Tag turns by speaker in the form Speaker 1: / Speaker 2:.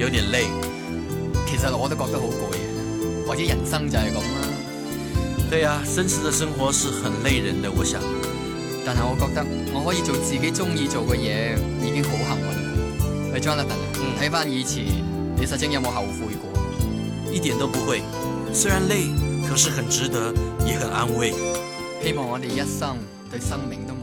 Speaker 1: 有點累，其實我都覺得好攰，或者人生就係咁啦。對啊，真實的生活是很累人的，我想。但係我覺得我可以做自己中意做嘅嘢，已經好幸運。係 Jonathan 啊，睇翻以前，你曾經有冇後悔過？一點都不會，雖然累，可是很值得，也很安慰。希望我哋一生對生命都。